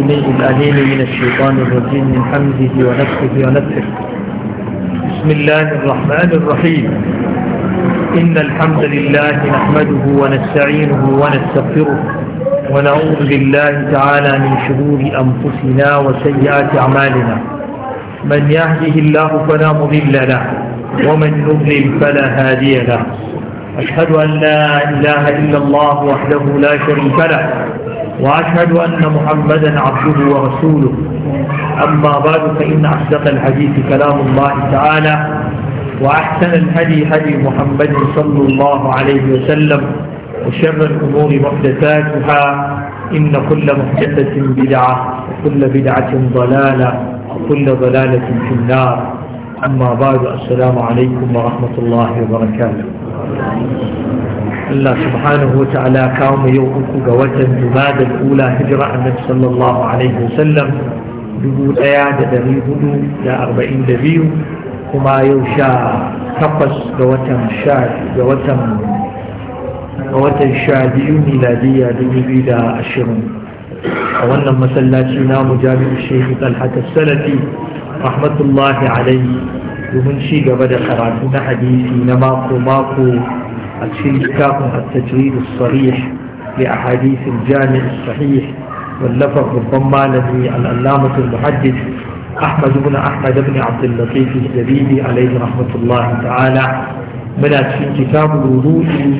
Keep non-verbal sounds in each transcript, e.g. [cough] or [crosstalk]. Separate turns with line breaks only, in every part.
السميع الأليم من الشيطان الرجيم من حمده ونفسه ونفسه بسم الله الرحمن الرحيم إن الحمد لله نحمده ونستعينه ونستغفره ونعوذ بالله تعالى من شرور أنفسنا وسيئات أعمالنا من يهده الله فلا مضل له ومن يضلل فلا هادي له أشهد أن لا إله إلا الله وحده لا شريك له وأشهد أن محمدا عبده ورسوله أما بعد فإن أصدق الحديث كلام الله تعالى وأحسن الهدي هدي محمد صلى الله عليه وسلم وشر الأمور محدثاتها إن كل محدثة بدعة وكل بدعة ضلالة وكل ضلالة في النار أما بعد السلام عليكم ورحمة الله وبركاته Allah subhanahu wa ta'ala kawo mu yau uku ga watan Jumada al-Ula hijira Annabi sallallahu alaihi wasallam 1442 kuma yau sha takwas ga watan sha ga watan ga watan sha biyu da 2020 a wannan masallaci mu jami'u Sheikh Talhat Salafi rahmatullahi alaihi domin ci gaba da karatu na hadisi na mako mako الشيء كافر التجريد الصريح لأحاديث الجامع الصحيح واللفظ ربما الذي الألامة المحدث أحمد بن أحمد بن عبد اللطيف الزبيدي عليه رحمة الله تعالى من في كتاب الوضوء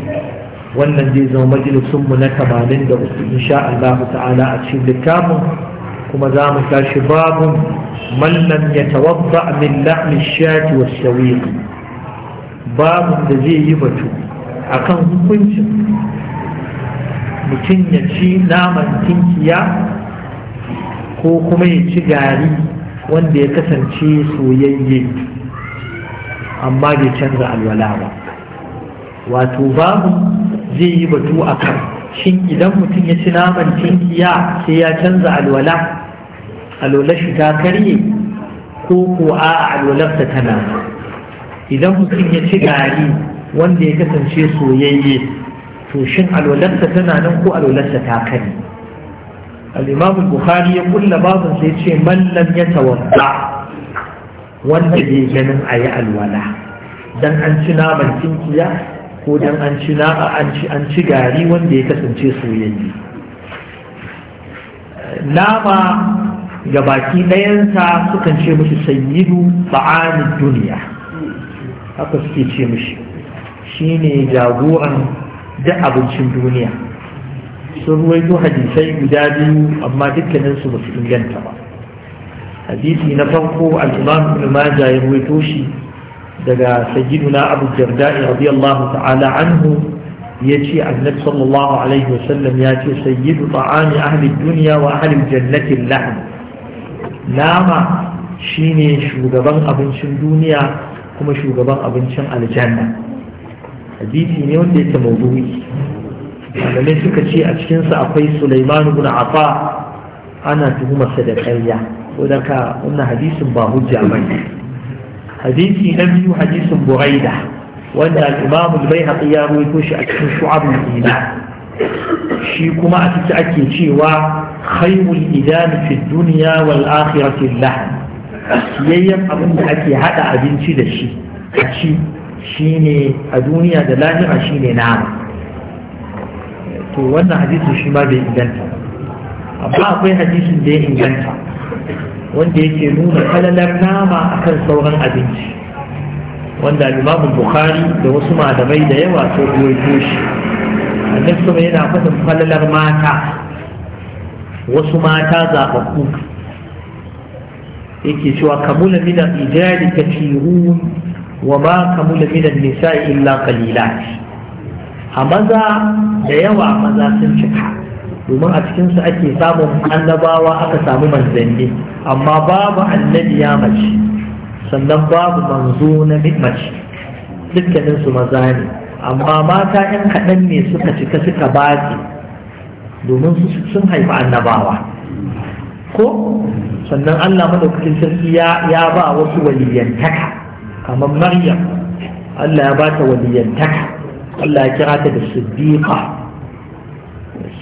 والنجيز ومجلس من كمالين إن شاء الله تعالى أتشين لكام كما دام شباب من لم يتوضأ من لحم الشاة والسويق باب الذي يبتو akan hukuncin mutum ya ci naman tinkiya ko kuma ya ci gari wanda ya kasance soyayye amma bai canza alwala ba wato babu zai yi batu a kan shin idan mutum ya ci naman tinkiya sai ya canza alwala alwala shi ta karye ko ko a alwalarsa tana idan mutum ya ci gari wanda ya kasance soyayye to shin alwalarsa tana nan ko alwalarsa ta kare al-imam bukhari ya kulla babin sai ce man lam yatawadda wanda bai ganin ayi alwala dan an ci naman tinkiya ko dan an ci na an ci gari wanda ya kasance soyayye nama ga baki ɗayansa sukan ce mushi sayyidu ba'anin duniya haka suke ce mushi shine jagoran da abincin duniya sun ruwaito hadisai guda biyu amma dukkaninsu ba su inganta ba hadisi na farko al-imam ibn ya ruwaito shi daga sayyiduna abu jarda'i radiyallahu ta'ala anhu ce annabi sallallahu alaihi wasallam ya ce sayyidu ta'ami ahli duniya wa ahli jannatin lahm nama shine shugaban abincin duniya kuma shugaban abincin aljanna hadisi ne wanda yake mawdu'i malamai suka ce a cikinsa akwai Sulaiman ibn Afa ana tuhumarsa da ƙarya ko da ka wannan hadisin ba hujja bane hadisi na biyu hadisin Buraida wanda al-Imam al-Baihaqi ya rawaito shi a cikin Shu'ab al-Iman shi kuma a ciki ake cewa khayrul idami fi dunya wal akhirati lah yayyan abin da ake hada abinci da shi a ci shine a duniya da lahira shine nama to wannan hadisi shi ma bai inganta amma akwai hadisin da ya inganta wanda yake nuna falalar nama akan sauran abinci wanda Limamin Bukhari da wasu malamai da yawa sau ruwaito shi annabi kuma yana faɗin falalar mata wasu mata zaɓaɓɓu yake cewa kamula min al ta Wama kamula minan nisa illa qalila a maza da yawa maza sun cika domin a cikinsu ake samun annabawa aka samu manzanni amma babu annabi ya mace sannan babu manzo na mace dukkaninsu maza ne amma mata 'yan kaɗan ne suka cika suka baƙi domin sun haifi annabawa ko sannan allah maɗaukakin sarki ya ba wasu waliyantaka kamar maryam Allah ya bata waliyantaka Allah ya kira ta da siddiqa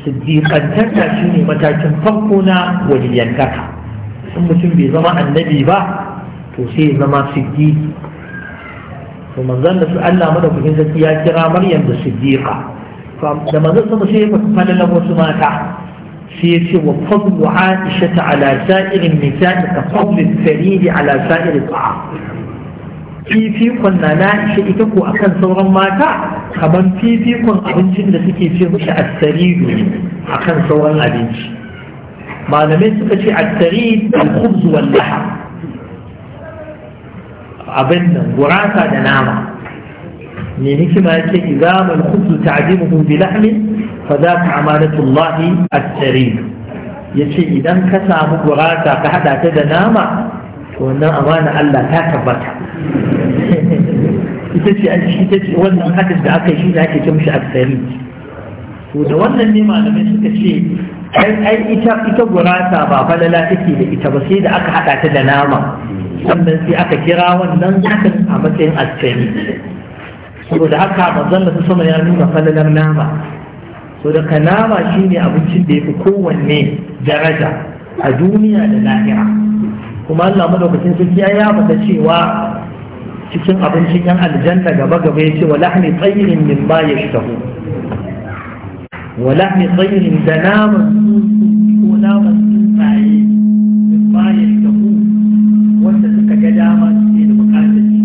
siddiqantaka shine matakin farko na waliyantaka in mutum bai zama annabi ba to sai ya zama siddi, to manzon da su Allah madaukakin sarki ya kira maryam da siddiqa da manzon sama sai ya falalan wasu mata sai wa سيتي وفضل عائشة على سائر النساء كفضل الثريد على سائر الطعام fifikon na na ita ko akan sauran mata kamar fifikon abincin da suke ce mushi asaridu ne kan sauran abinci malamai suka ce asarid al-khubz abin nan gurasa da nama ne hikima yake idza kubzu khubz ta'dimuhu bi lahmin fa zaka amanatullahi asarid yace idan ka samu gurasa ka hada ta da nama to wannan amana Allah ta tabbata ita ce an ita ce wannan hadis da aka yi shi da ake ce mishi aksari to da wannan ne malamai suka ce ai ita ita gurata ba falala take da ita ba sai da aka hada ta da nama sannan sai aka kira wannan hakan a matsayin aksari saboda haka manzon da sama ya nuna falalar nama so da nama shine abincin da ya fi kowanne daraja a duniya da lahira kuma Allah madaukakin sarki ya ta cewa cikin abincin yan aljanta gaba gaba ya yace wa lahmi tayrin mimma yashtahu wa lahmi tayrin da naman ko naman tsuntsaye mimma yashtahu wanda suka ga dama suke da bukatar shi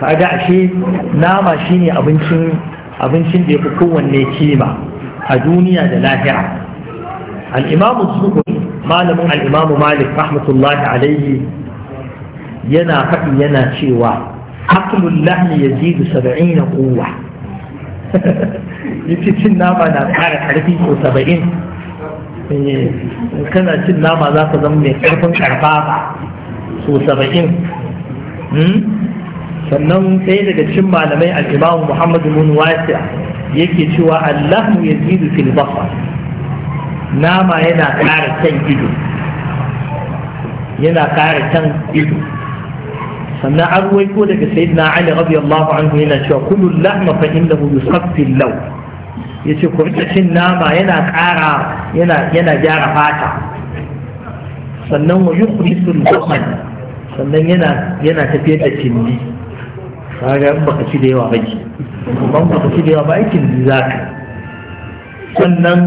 kaga ashe nama shine abincin abincin da yafi kowanne kima a duniya da lahira al-imamu zuhri malamin al-imamu malik rahmatullahi alaihi yana faɗi yana cewa aklul lahmi yazidu 70 quwwa [laughs] yace cin nama na ƙara ƙarfi ko saba'in. Eh, kana cin nama za ka zama mai ƙarfin ƙarfafa so saba'in. Hmm? sannan ɗaya daga cikin malamai al Muhammadu Muhammad bin yake cewa Allahu yazidu fil basar nama yana ƙara can ido yana ƙara can ido sannan an ruwaito daga sayyidina ali radiyallahu anhu yana cewa kullu lahma fa innahu yusaffi law yace ku rike cin nama yana ƙara yana yana gyara fata sannan wa yukhrisul zaman sannan yana yana tafiyar da cindi kaga in baka ci da yawa baki amma in baka ci da yawa ba aikin zaka sannan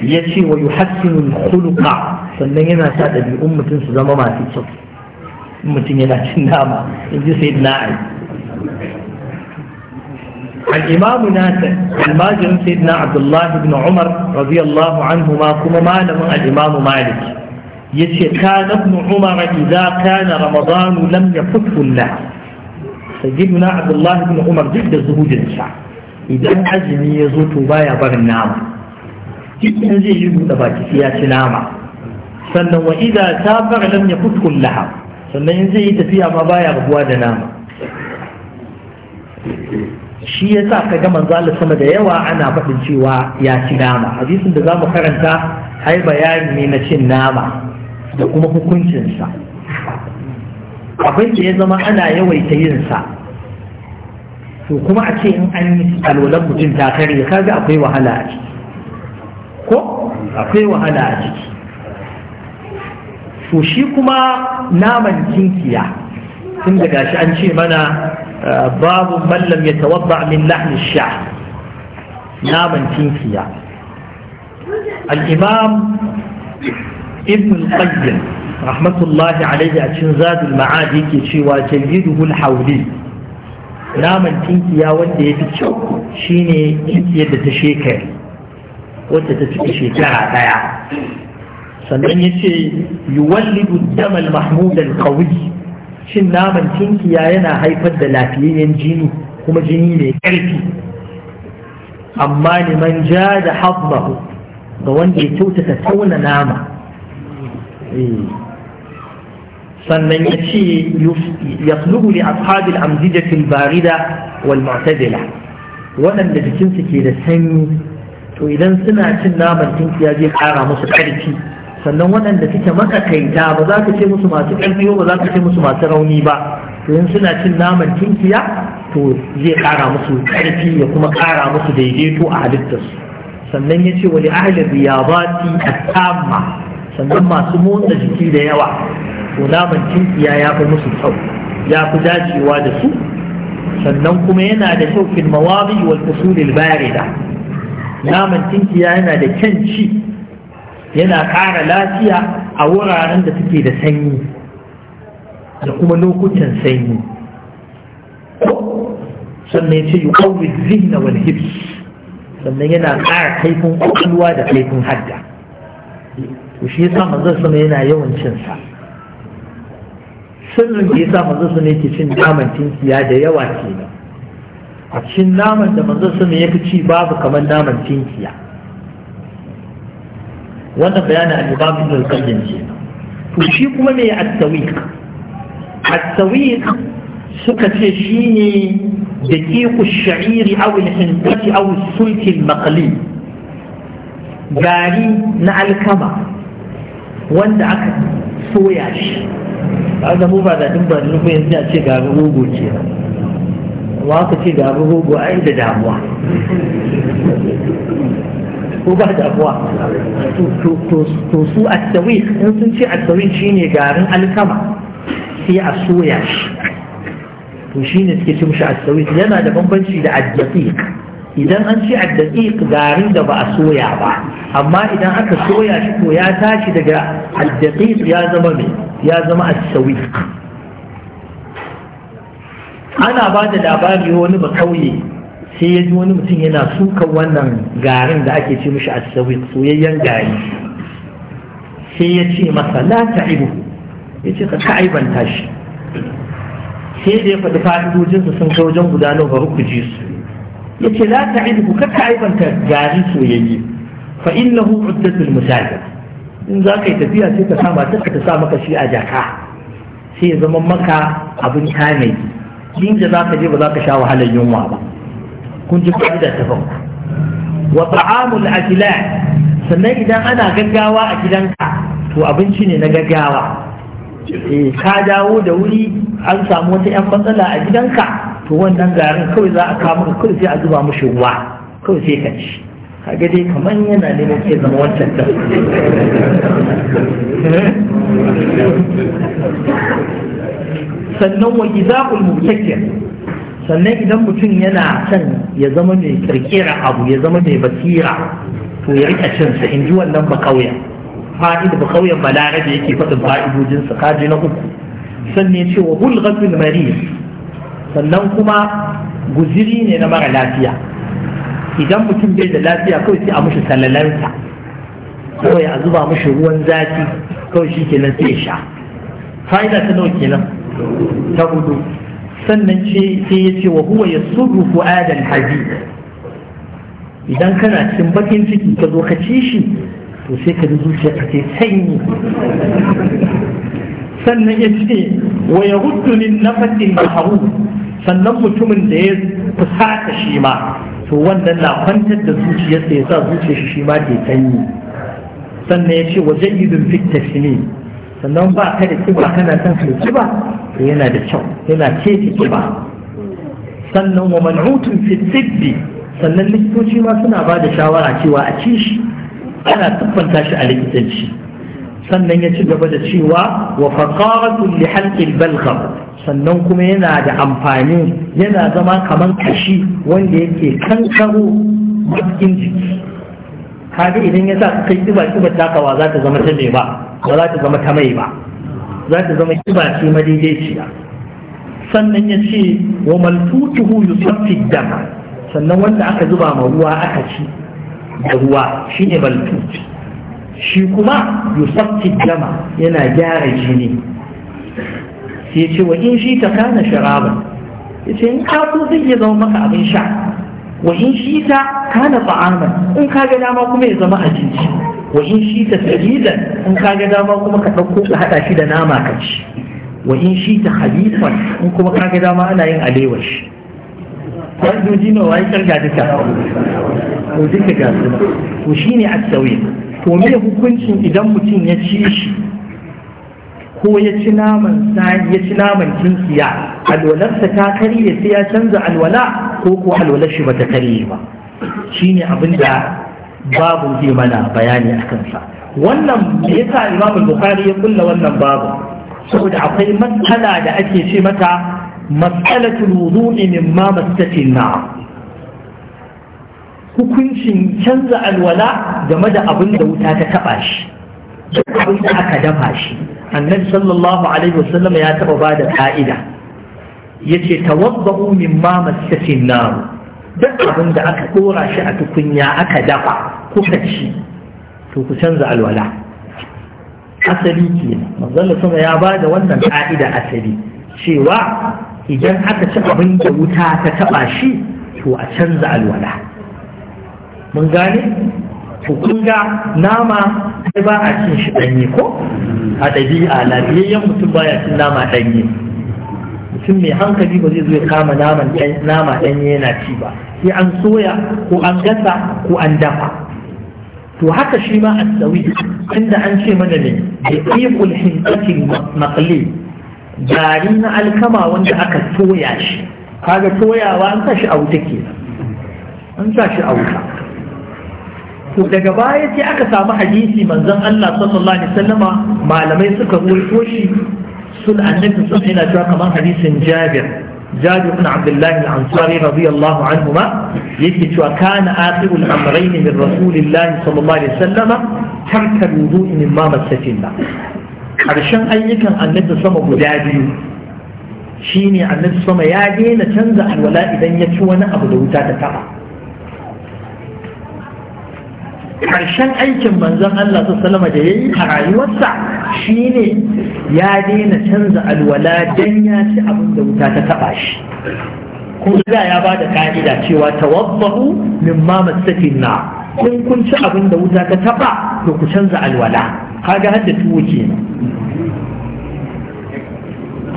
ya ce wa yuhassinul khuluqa sannan yana sa ɗabi'un mutum su zama masu kyau mutum yana cin nama in الإمام ناصر الماجر سيدنا عبد الله بن عمر رضي الله عنهما كما مالم الإمام مالك يشي كان ابن عمر إذا كان رمضان لم يفتح الله سيدنا عبد الله بن عمر جد زهود الشعب إذا أزمي يزوت بايا بر النام جد yi buɗe baki ya ci nama sannan لم يفتح الله sannan in zai yi tafiya ma baya rabuwa da nama shi ya sa ka gama manzala sama da yawa ana faɗin cewa ya ci nama hadisin da za mu karanta ai bayani ne na cin nama da kuma hukuncinsa abin da ya zama ana yawaita yinsa to kuma a ce in an yi alwalan mutum ta karye kaga akwai wahala a ciki ko akwai wahala a ciki to shi kuma naman kinkiya tun da gashi an ce mana uh, babu mallam ya tawabba min lahni sha naman kinkiya al-imam ibn al-qayyim rahmatullahi alaihi a cikin zadul ma'adi yake cewa jayyiduhu al-hawli naman tinkiya wanda ya fi kyau shine tinkiyar da ta shekari wacce ta cika shekara daya sannan ya ce yuwallidu damal mahmudan kawi shin naman tinkiya yana haifar da lafiyayyen jini kuma jini mai ƙarfi amma man ja da habbahu ga wanda ya kyautata tauna nama eh. sannan ya ce yasluhu li ashabil amzijatil barida wal mu'tadila waɗanda jikinsu ke da sanyi to idan suna cin naman tinkiya zai ƙara musu ƙarfi sannan waɗanda suke makakaita ba za ka ce musu masu ƙarfi ba za ka ce musu masu rauni ba to in suna cin naman tinkiya to zai ƙara musu ƙarfi ya kuma ƙara musu daidaito a halittarsu sannan ya ce wani ahli riyadati at-tamma sannan masu motsa jiki da yawa to naman tinkiya ya fi musu kyau ya fi dacewa da su sannan kuma yana da kyau fil mawadi wal usul barida naman tinkiya yana da kyan ci yana ƙara lafiya a wuraren da suke da sanyi da kuma lokutan sanyi sannan ya ce yi ƙaunin zina wani hips sannan yana ƙara kaifin ƙwaƙwalwa da kaifin hadda to shi yasa manzon sama yana yawan cin sa sirrin da yasa manzon sama yake cin naman tinkiya da yawa kenan a cikin naman da manzon sama ya fi ci babu kamar naman tinkiya wannan bayanan al-imam ibn ce to kuma me at-tawiq at-tawiq suka ce shine daqiqu ash-sha'iri aw al-hintati aw as-sulk gari na alkama wanda aka soya shi kaga mu ba da din ba ne ko a ce garin rogo ce wa ka ce garin rogo ai da damuwa ko ba da abuwa to su a tawik in sun ce a tawik shine garin alkama sai a soya shi to shine suke ce mishi a tsawi yana da bambanci da addaqiq idan an ce addaqiq garin da ba a soya ba amma idan aka soya shi to ya tashi daga addaqiq ya zama me ya zama at-tawik ana ba da labari wani ba kauye sai ya ji wani mutum yana sukan wannan garin da ake ce mishi asawi soyayyen gari sai ya ce masa la ta'ibu ya ce ka aibanta shi sai da ya faɗi su sun kai wajen guda nawa ku su ya ce la ta'ibu ka aibanta gari soyayye fa innahu uddatul musafir in za ka yi tafiya sai ka sa matar ka ta sa maka shi a jaka sai ya zama maka abin tanadi inda za ka je ba za ka sha wahalar yunwa ba kun ji fa'ida ta farko wa ta'amul ajlan sannan idan ana gaggawa a gidanka to abinci ne na gaggawa eh ka dawo da wuri an samu wata yan matsala a gidanka to wannan garin kawai za a kawo maka kawai sai a zuba mushi ruwa kawai sai ka ci kaga dai kamar yana neman ke zama wancan ta [laughs] sannan wa gizaqul mubtakir sannan idan mutum yana son ya zama mai kirkira abu ya zama mai basira to ya rika cinsa in ji wannan bakauya fa'id bakauyan balarabe yake faɗin fa'idojinsa kaji na uku sannan ce wa hulghatul marid sannan kuma guziri ne na mara lafiya idan mutum bai da lafiya kawai sai a mushi salalansa kawai a zuba mushi ruwan zafi kawai shi kenan sai ya sha fa'ida ta nawa kenan ta hudu sannan ce sai ya ce wa huwa ya suru fu'adan idan kana cikin bakin ciki ka zo ka ci shi to sai ka zuciya ka ce sanyi sannan ya ce wa ya hudu min nafasin maharu sannan mutumin da ya fusata shi ma to wannan na kwantar da zuciyarsa ya sa zuciyar shi ma ke sanyi sannan ya ce wa jayyidun fitta shi ne sannan ba ka da kiba kana son kai kiba yana da kyau yana ce kiba sannan wa man'utun fi sannan likitoci ma suna ba da shawara cewa a ci shi ana siffanta shi a likitanci sannan ya ci gaba da cewa wa faqaratul li halqil balgham sannan kuma yana da amfani yana zama kamar kashi wanda yake kankaro matkin jiki kaga idan ya sa kai kiba kiba takawa za ta zama ta ba ba za ta zama ta mai ba za ta zama kiba ce madaidaiciya sannan ya ce wa maltutuhu yusaffi dama sannan wanda aka zuba ma ruwa aka ci da ruwa shine maltut shi kuma yusaffi dama yana gyara jini sai ce wa in shi ta kana sharaba ya ce in ka zai iya zama maka abin sha wa in shita kana ta'aman in ka ga dama kuma ya zama abinci wa in shita sabilan in ka ga dama kuma ka ɗauko ka haɗa shi da nama ka ci wa in shita khalifan in kuma ka ga dama ana yin alewar shi hajjoji nawa ya kirga duka to duka ga shi ne a asawi to me hukuncin idan mutum ya ci shi ko ya ci naman sani ya ci naman alwalarsa ta karye sai ya canza alwala ko ko alwalar shi bata karye ba shine abin da babu zai mana bayani a kansa wannan me yasa Imam Bukhari ya kulla wannan babu saboda akwai matsala da ake ce mata matsalatul wudu'i mimma mastatin na'am hukuncin canza alwala game da abin da wuta ta taba shi abin da aka dafa shi annabi sallallahu alaihi wasallam ya taɓa ba da ka'ida yace tawaddu ma massatin namu, duk abin da aka dora shi a tukunya aka dafa kuka ci to ku canza alwala asali ke manzon sama ya ba da wannan ka'ida asali cewa idan aka ci abin da wuta ta taɓa shi to a canza alwala mun gane to kunga nama sai ba a cin shi ɗanye ko a ɗabi'a lafiyayyen mutum baya cin nama ɗanye mutum mai hankali ba zai zo ya kama nama ɗanye yana ci ba sai an soya ko an gasa ko an dafa to haka shi ma asawi inda an ce mana ne da ikul hintakin makale gari na alkama wanda aka toya shi kaga toyawa an sa shi a wuta ke an sa shi a wuta to daga baya sai aka samu hadisi manzon Allah sallallahu alaihi wasallama malamai suka ruwaito shi sun annabi sun yana cewa kamar hadisin Jabir Jabir ibn Abdullah al-Ansari radiyallahu anhuma yake cewa kana akhirul amrayn min rasulillahi sallallahu alaihi wasallama tarka wudu'i min ma masakinna karshen ayyukan annabi sama guda biyu shine annabi sama ya daina canza alwala idan ya ci wani abu da wuta ta taba ƙarshen aikin manzon Allah ta salama da ya yi a rayuwarsa shi ne ya daina canza alwala don ya ci abin da wuta ta taɓa shi kun ga ya ba da ka'ida cewa tawabbahu min ma masakin na kun kun ci abin da wuta ta taɓa to ku canza alwala kaga hadda tuwo kenan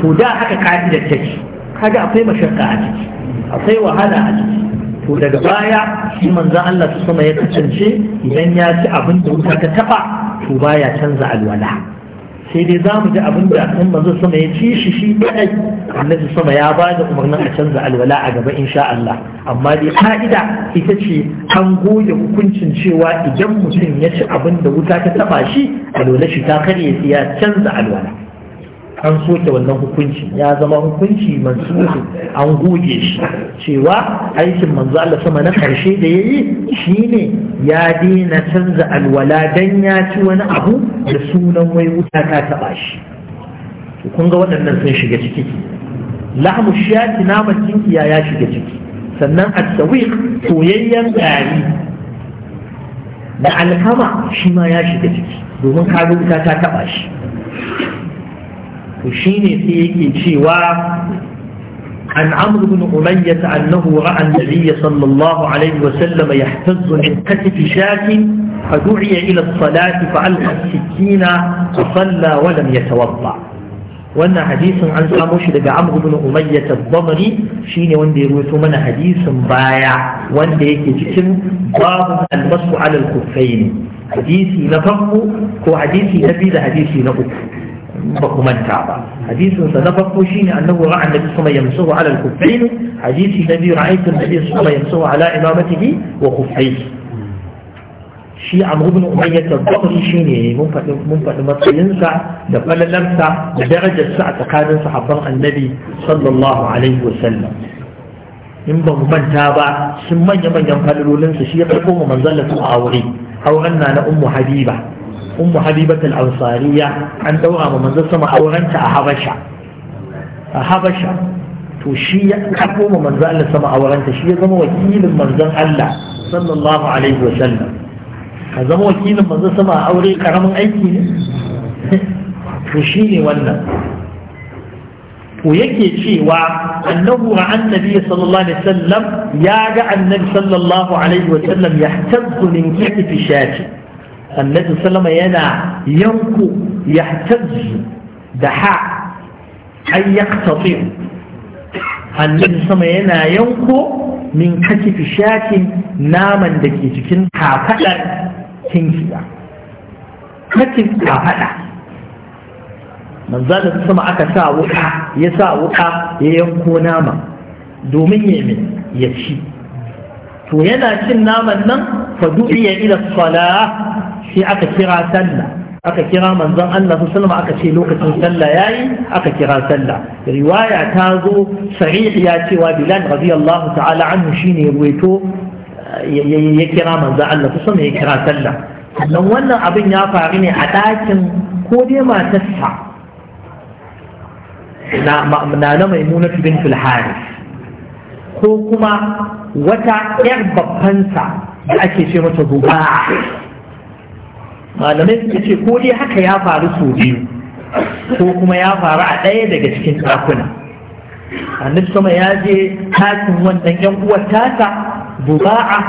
to da haka ka'idar take kaga akwai mashakka a ciki akwai wahala a ciki to daga baya shi manzan Allah su sama ya kasance idan ya ci abin da wuta ta taba to baya canza alwala sai dai za mu ji abin da kan manzan sama ya ci shi shi kadai annabi sama ya ba da umarnin a canza alwala a gaba insha Allah amma dai ka'ida ita ce an goge hukuncin cewa idan mutum ya ci abin da wuta ta taba shi alwala shi ta karye ya canza alwala an soke wannan hukunci ya zama hukunci mansuhi an goge shi cewa aikin manzo Allah sama na karshe da yayi shine ya daina canza alwala dan ya ci wani abu da sunan wai wuta ta taba shi kun ga waɗannan sun shiga ciki lahmu shiyati naman kinkiya ya shiga ciki sannan at-tawiq soyayyen gari da alkama shi ma ya shiga ciki domin kaga wuta ta taba shi shine sai yake cewa an amur bin umayya ta annahu ra'an nabiya sallallahu alaihi wa sallama ya tazzo min katifi shafi a duriya ila salati fa alka sikina a salla wadam ya tawabba wannan hadisin an samo shi daga amur bin umayya ta bamari shine wanda ya ruwaito mana hadisin baya wanda yake cikin babu almasu alal kufaini hadisi na farko ko hadisi na biyu da hadisi na uku ba ku manta ba hadisin sa na farko shine annabi ra'a annabi sama yamsuhu ala al-kuffayn hadisi nabi ra'aytu annabi sama yamsuhu ala imamatihi wa kuffayhi shi amr ibn umayyah al-bukhari shine mun faɗi mun fadi matsayin sa da falalarsa da darajar sa a tsakanin sahabban annabi sallallahu alaihi wa sallam in ba mu manta ba sun manya manyan falalolinsa shi ya karɓo mu manzon a aure auren na na ummu habiba ummu habibat al-ansariya an daura ma manzon sama aurenta a habasha a habasha to shi ya karbo ma manzon Allah sama aurenta shi ya zama wakilin manzon Allah sallallahu alaihi wa sallam ka zama wakilin manzon sama a aure karamin aiki ne [laughs] to shi ne wannan to yake cewa annahu ra annabi sallallahu alaihi wasallam ya ga annabi sallallahu alaihi wasallam yahtazzu min kifi shati annabi sallama yana yanku yahtazzu da ha ay yaqtati annabi sama yana yanko min katifi shatin naman da ke cikin kafadar kinkiya katif kafada manzo da sama aka sa wuka ya sa wuka ya yanko nama domin ya ya ci to yana cin naman nan fa du'iya ila salah shi aka kira sallah aka kira manzon Allah sallallahu aka ce lokacin sallah yayi aka kira sallah riwaya ta zo sahih ya cewa Bilal radiyallahu ta'ala anhu shine ya ruwaito ya kira manzon Allah sallallahu ya kira sallah sannan wannan abin ya faru ne a ɗakin ko dai matarsa na na maimuna bintul harith ko kuma wata yar babbansa da ake ce mata zuba malamai suka ce ko dai haka ya faru sau biyu ko kuma ya faru a ɗaya daga cikin ɗakuna annabi sama ya je takin wannan yan uwar tasa buba'a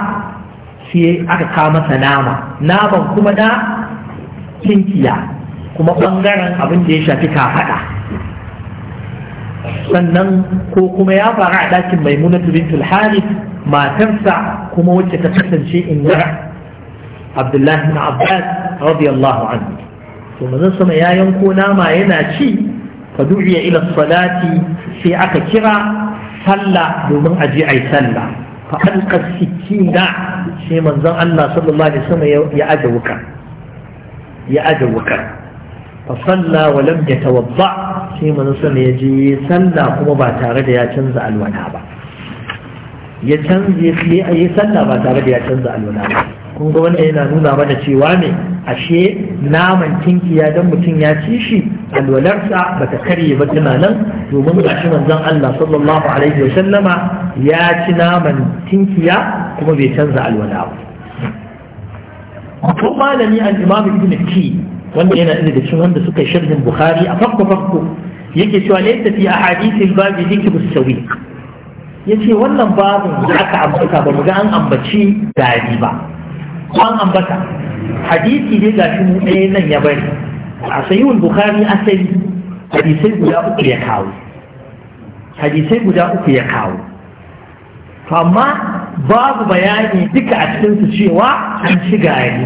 sai aka kama masa nama naman kuma na kinkiya kuma ɓangaren abin da ya shafi kafaɗa sannan ko kuma ya faru a ɗakin maimunatu bintul harith matarsa kuma wacce ta kasance in Abdullahi ibn Abbas radiyallahu anhu to mazan sama ya yanko nama yana ci fa du'iya ila salati sai aka kira sallah domin aje ai sallah fa alqa sikina sai manzon Allah sallallahu alaihi wasallam ya aje wuka ya aje wuka fa salla wa lam yatawadda sai manzon sama ya je sallah kuma ba tare da ya canza alwala ba ya canza ya yi sallah ba tare da ya canza alwala ba kun ga wannan yana nuna mana cewa ne ashe naman tinkiya dan mutum ya ci shi alwalarsa ba ta karye ba tana nan domin ga shi manzon Allah sallallahu alaihi wa sallama ya ci naman tinkiya kuma bai canza alwala ba ko malami al-imam ibn ki wanda yana da cikin wanda suka sharhin bukhari a fakko fakko yake cewa laysa fi ahadith al-bab sawiq ya ce wannan babin da aka ambata ba mu ga an ambaci gari ba an ambata hadisi dai ga shi ɗaya nan ya bari a sayyul bukhari asali hadisai guda uku ya kawo hadisai guda uku ya kawo amma babu bayani duka a cikinsu cewa an ci gari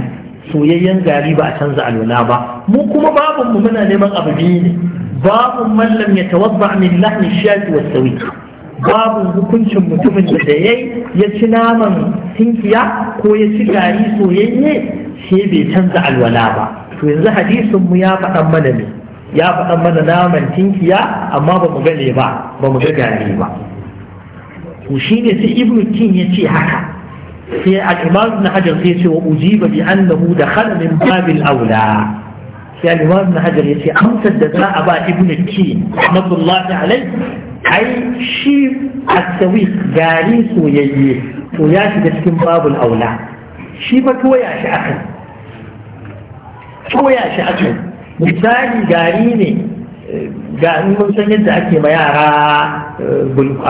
soyayyen gari ba a canza alwala ba mu kuma babun mu muna neman abu biyu ne babun mallam ya tawabba min lahni shafi wa babu hukuncin mutumin da ya ya ci naman tinkiya ko ya ci gari soyayye sai bai canza alwala ba to yanzu hadisin mu ya faɗan mana ne ya faɗan mana naman tinkiya amma ba mu gane ba ba mu ga gari ba to shine sai ibnu kin ya ce haka sai al-imam ibn hajar sai ya ce wa ujiba bi annahu dakhala min babil aula sai al'imam na hajar ya ce amsar da za a ba ibn ki rahmatullahi alai ai shi asawi gari soyayye to ya shiga cikin babul aula shi fa toya shi akai toya shi akai misali gari ne ga mun san yadda ake ma yara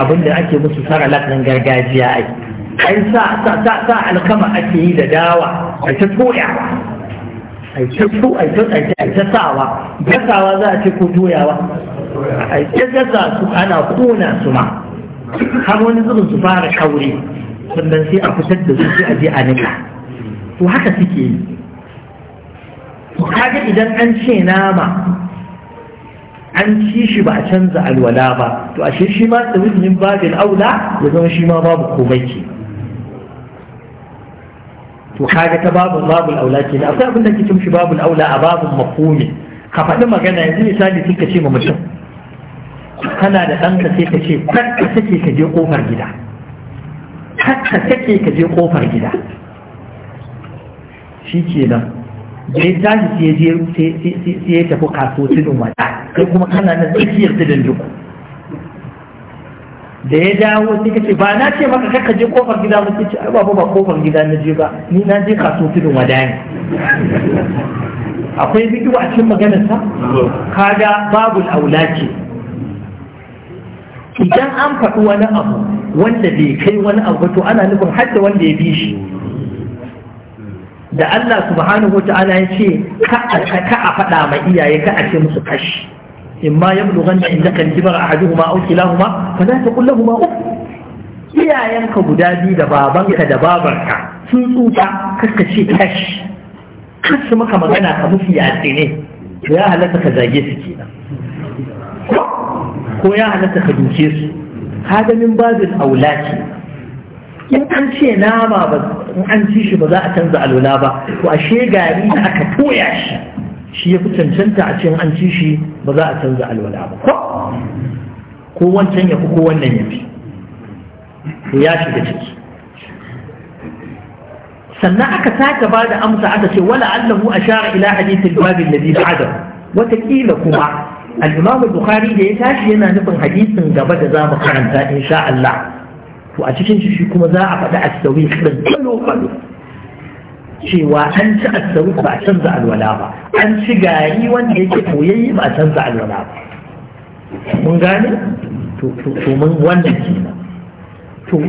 abin da ake musu saralak nan gargajiya ai ai sa sa sa alkama ake yi da dawa a ta toyawa ai su sawa gasawa za a ce ko doyawa ai gasa su ana kona su ma har wani zubin su fara kaure sannan sai a fitar da su sai a je a nika to haka suke yi kaga idan an ce nama an ci shi ba a canza alwala ba to ashe shi ma tsawin babin aula ya zama shi ma babu komai ke to kaga ta babu babu aula ke akwai abin da ke cin shi babul aula a babu mafumi ka faɗi magana yanzu misali sai ka ce ma mutum kana da ɗanka sai ka ce kar ka sake ka je ƙofar gida kar ka ka je ƙofar gida shi ke nan da ya tashi sai ya tafi kaso tudun wata kai kuma kana nan tsakiyar tudun duku da ya dawo sai ba na ce maka kaka je kofar gida ba sai ce ai babu ba kofar gida na je ba ni na je kaso tudun wadani akwai bidiyo a cikin maganar sa kaga babu aula idan an faɗi wani abu wanda bai kai wani abu to ana nufin hadda wanda ya bi shi da Allah subhanahu wa ta'ala ya ce ka a faɗa ma iyaye ka a ce musu kashi إما يبلغن عندك الكبر أحدهما أو كلاهما فلا تقل لهما أف iyayenka guda biyu da babanka da babarka sun tsuta kaska ce tash kasu magana ka musu ya tsine ya halatta ka zage su kenan ko ya ka duke su babin ce in an ce nama ba in an ci shi ba za a canza alwala ba to ashe gari da aka toya shi shi ya fi cancanta a cikin an ci shi ba za a canza alwala ba ko ko wancan ya fi ko wannan ya fi ya shiga ciki sannan aka sake ba da amsa aka ce wala allahu ashara ila hadithil babi alladhi ba'da Wataƙila kuma al-imam bukhari da ya tashi yana nufin hadisin gaba da za mu karanta insha Allah to a cikin shi kuma za a faɗi a sawih din kalo kalo cewa an ci asaru ba a canza alwala ba an ci gari wanda yake koyayye ba a canza alwala ba mun gane to mun wannan kenan to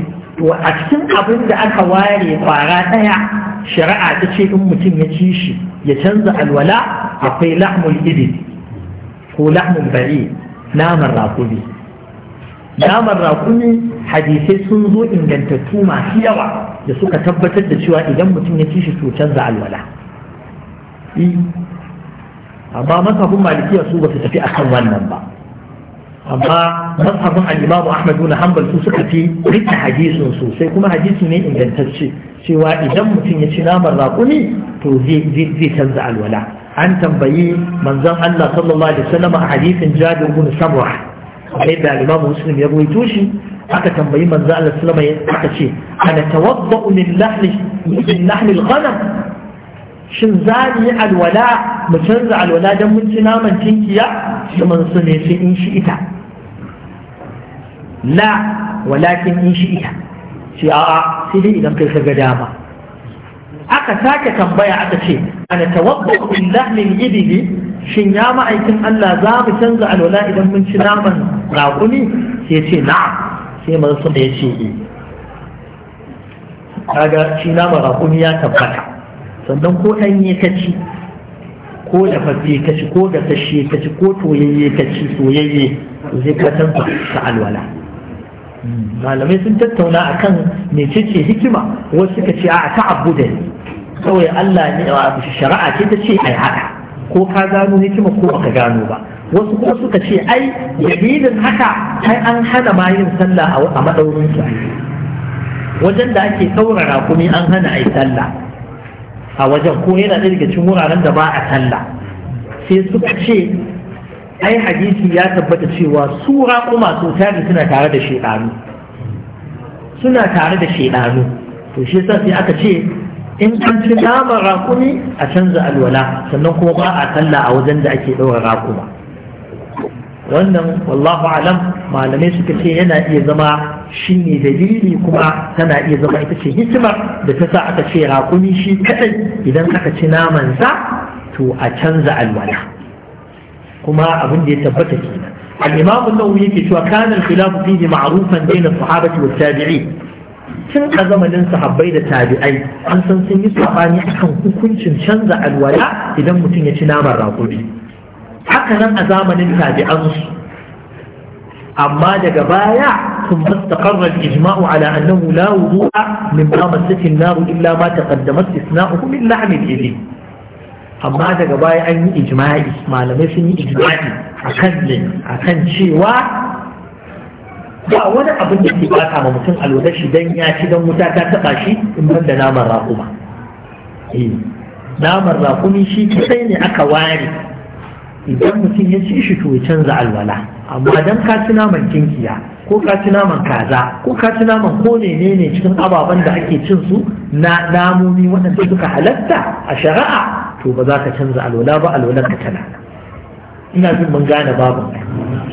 a cikin abin da aka ware fara daya shari'a ta ce in mutum ya ci shi ya canza alwala akwai lahmul idin ko lahmul bari naman rakubi naman raƙumi hadisai sun zo ingantattu masu yawa da suka tabbatar da cewa idan mutum ya ci shi to canza alwala amma mazhabin malikiya su ba su tafi akan wannan ba amma mazhabin al-imam Ahmad bin Hanbal su suka fi rike hadisin sosai kuma hadisi ne ingantacce cewa idan mutum ya ci naman raƙumi to zai canza alwala an tambayi manzon Allah sallallahu alaihi wasallam a hadisin Jabir bin yadda Imam Muslim ya rawaito shi aka tambayi manzo Allah sallama aka ce ana tawaddu min lahli min lahli al-ghanam shin zani alwala mu canza alwala dan mun ci naman tinkiya da manzo ne sai in shi ita la walakin in shi ita sai a'a sai dai idan kai ka ga dama aka sake tambaya aka ce ana tawaddu min lahli al-ibli shin ya ma'aikin Allah za mu canza alwala idan mun ci naman raƙuni sai ce na'am sai manzo ya ce eh kaga ci naman raƙuni ya tabbata sannan ko ɗanye ka ci ko da fafe ka ci ko da tashe ka ci ko toyayye ka ci soyayye zai ka canza ta alwala malamai sun tattauna akan mecece hikima wasu suka ce a abu ta'abbuda kawai Allah ne a shari'a ce ta ce a yi haka ko ka gano hikima ko baka gano ba wasu kuma suka ce ai dalilin haka ai an hana mayin yin sallah a madaurin sa wajen da ake saurara kuma an hana ai sallah a wajen ko yana ɗaya daga wuraren da ba a sallah sai suka ce ai hadisi ya tabbata cewa su raƙuma su tare suna tare da shaidanu suna tare da shaidanu to shi yasa sai aka ce in an ci nama rakumi a canza alwala sannan kuma ba a talla a wajen da ake ɗaura rakuma wannan wallahu alam malamai suka ce yana iya zama shi ne dalili kuma tana iya zama ita ce hikimar da ta sa aka ce rakumi shi kadai idan aka ci naman sa to a canza alwala kuma abin da ya tabbata kenan al-imam an-nawawi yake cewa kana al-khilaf fihi ma'rufan bayna as-sahabati tabiin tun a zamanin sahabbai da tabi'ai an san sun yi sabani akan hukuncin canza alwala idan mutum ya ci naman raƙuri haka nan a zamanin tabi'ansu amma daga baya sun mastaqarra ijmau ala annahu la wudu'a min ma masatin illa ma taqaddamat isna'uhu min lahm al amma daga baya an yi ijma'i malamai sun yi ijma'i akan akan cewa ba wani abin da ke bata ma mutum alwada shi dan ya ci dan wuta ta taba shi in ban da naman raƙuma eh naman raƙumi shi sai ne aka ware idan mutum ya ci shi to ya canza alwala amma dan ka ci naman kinkiya ko ka ci naman kaza ko ka ci naman ko ne ne cikin ababen da ake cin su na namomi waɗanda suka halatta a shari'a to ba za ka canza alwala ba alwalar ka tana ina jin mun gane babu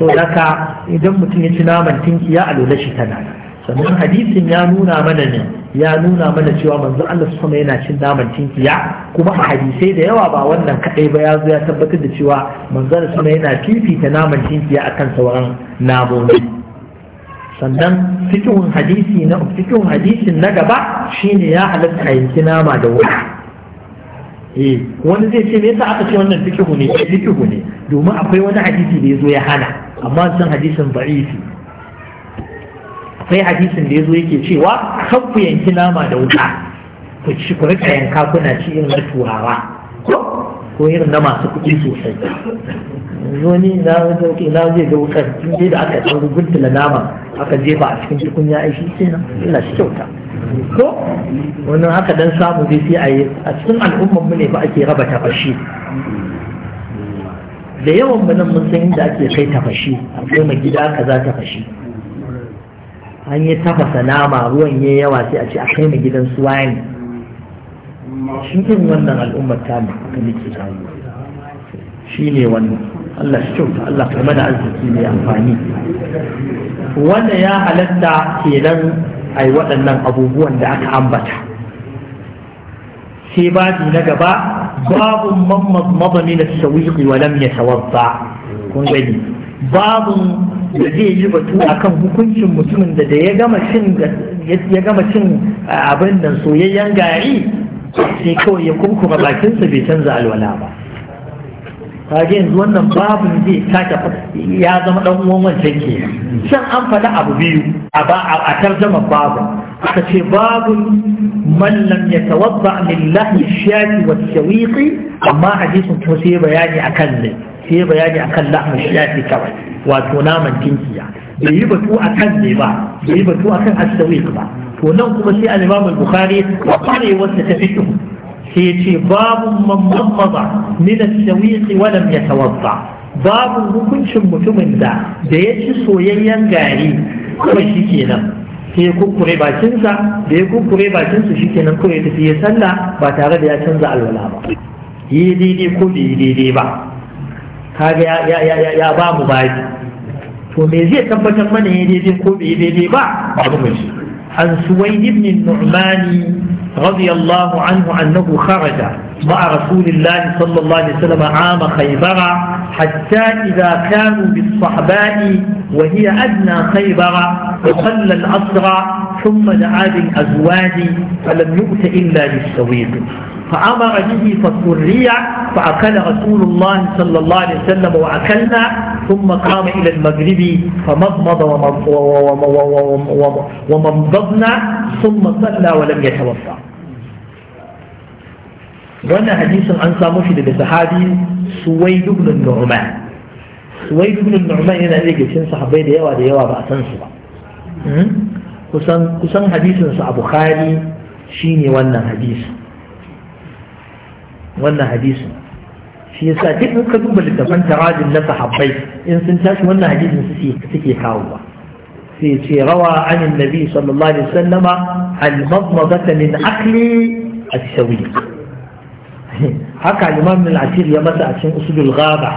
so daka idan mutum ya ci naman tinkiya a lola shi tana sannan hadisin ya nuna mana ne ya nuna mana cewa manzo Allah su sama yana cin naman tinkiya kuma a hadisai da yawa ba wannan kadai ba ya zo ya tabbatar da cewa manzo Allah sama yana fifita naman tinkiya akan sauran namomi sannan fikihun hadisi na fikihun hadisin na gaba shine ya halatta yanki nama da wuta eh wani zai ce me yasa aka ce wannan fikihu ne eh, fikihu ne domin akwai wani hadisi da yazo ya hana amma san hadisin ba'ifi akwai hadisin da ya zo yake cewa kan ku yanki nama da wuta ku ci ku rika yanka kuna ci irin na turawa ko irin na masu kuɗi sosai zoni na na ke na zai ga wutar tun dai da aka tsaro guntula nama aka jefa a cikin tukunya aiki sai na illa shi kyauta ko wannan haka dan samu zai sai a yi a cikin al'ummar mu ne ba ake raba tafashi da yawan banan mun san inda ake kai tafashi a mai gida kaza tafashi an yi tafasa nama ruwan yayi yawa sai a ce a kai mai gidan su wani
shi irin wannan
al'ummar ta mu ka nake samu shi ne wannan Allah shi kyauta Allah kuma da arziki mai amfani
Wannan ya halatta
kenan ai waɗannan abubuwan da aka ambata sai babi na gaba babu man mazmaba min as-sawiq wa lam yatawadda kun babu da zai yi batu akan hukuncin mutumin da da ya gama cin abin da soyayyen gari sai kawai ya kurkura bakinsa bai canza alwala ba kaga yanzu wannan babu zai sake ya zama dan uwan wancan ke can an faɗi abu biyu a tarjama babu aka ce babu man lam yatawadda lillahi shati wa shawiqi amma hadisin to sai bayani akan ne sai bayani akan lahmu shati kawai wato naman tinkiya bai yi batu akan ne ba bai yi batu akan as-shawiq ba to nan kuma sai al-Imam al-Bukhari wa qarewa ta fiqh sai ce babu man mamma min as-shawiq wa lam yatawadda babu hukuncin mutumin da da ya ci soyayyen gari kuma shi kenan sai ya kukkure bakinsa da ya kukkure bakinsa shi kenan kawai tafi ya sallah ba tare da ya canza alwala ba yi daidai ko bai yi daidai ba kaga ya ba mu to me zai tabbatar mana yi daidai ko bai yi daidai ba abu mu ji an suwaid ibn nu'mani radiyallahu anhu annahu kharaja مع رسول الله صلى الله عليه وسلم عام خيبر حتى إذا كانوا بالصحباء وهي أدنى خيبر وصلى الأسرى ثم دعا بالأزواج فلم يؤت إلا للسويق فأمر به فسري فأكل رسول الله صلى الله عليه وسلم وأكلنا ثم قام إلى المغرب فمضمض ومضمضنا ثم صلى ولم يتوضأ wannan hadisin an samu shi daga sahabi suwaid ibn nu'man suwaid ibn nu'man yana daga cikin sahabbai da yawa da yawa ba a san su ba kusan kusan hadisin sa a bukhari shine wannan hadisi wannan hadisin shi yasa duk in ka duba littafan tarajin na sahabbai in sun tashi wannan hadisin su suke kawo ba sai ce rawa an annabi sallallahu alaihi wasallama al-madmadata min akli as-sawiq هكا الإمام من العسير يا مثلا أشين أسود الغابة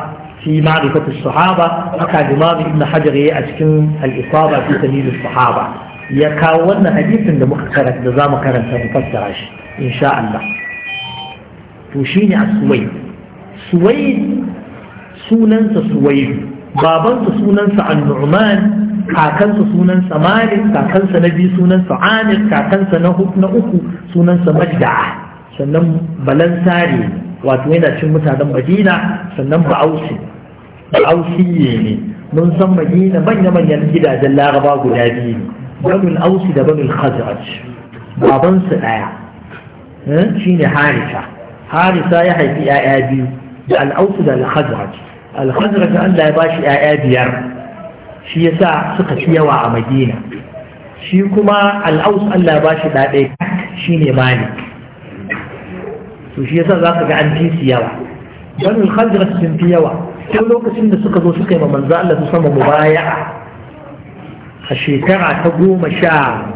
في معرفة الصحابة هكا الإمام ابن حجر يا أشين الإصابة في سبيل الصحابة يا كاونا حديث اللي مختلف نظام كان مفسر إن شاء الله توشيني على السويد سويد سونان سويد بابا سونان عن النعمان كاكن سونان مالك كاكن نبي سونان عامر كاكن نهب نأخو سونان مجدع sannan balansare wato yana cin mutanen madina sannan ba ba'ausi ba'ausiye ne mun san madina manya-manyan gidajen laraba guda biyu ne banul ausi da banul khazraj babansu ɗaya eh, shi ne harisa harisa ya haifi 'ya'ya biyu da al'ausu da al-khazraj al-khazraj Allah ya bashi 'ya'ya biyar shi yasa suka fi yawa a madina shi kuma al'aus Allah ya bashi ɗaɗe shi ne malik وشيزا ذاك عن تيس يوا بني الخلق سن في يوا كل لوك سن سك ذو سك ما من زال ذو سما مبايع الشيطاع تبو مشاع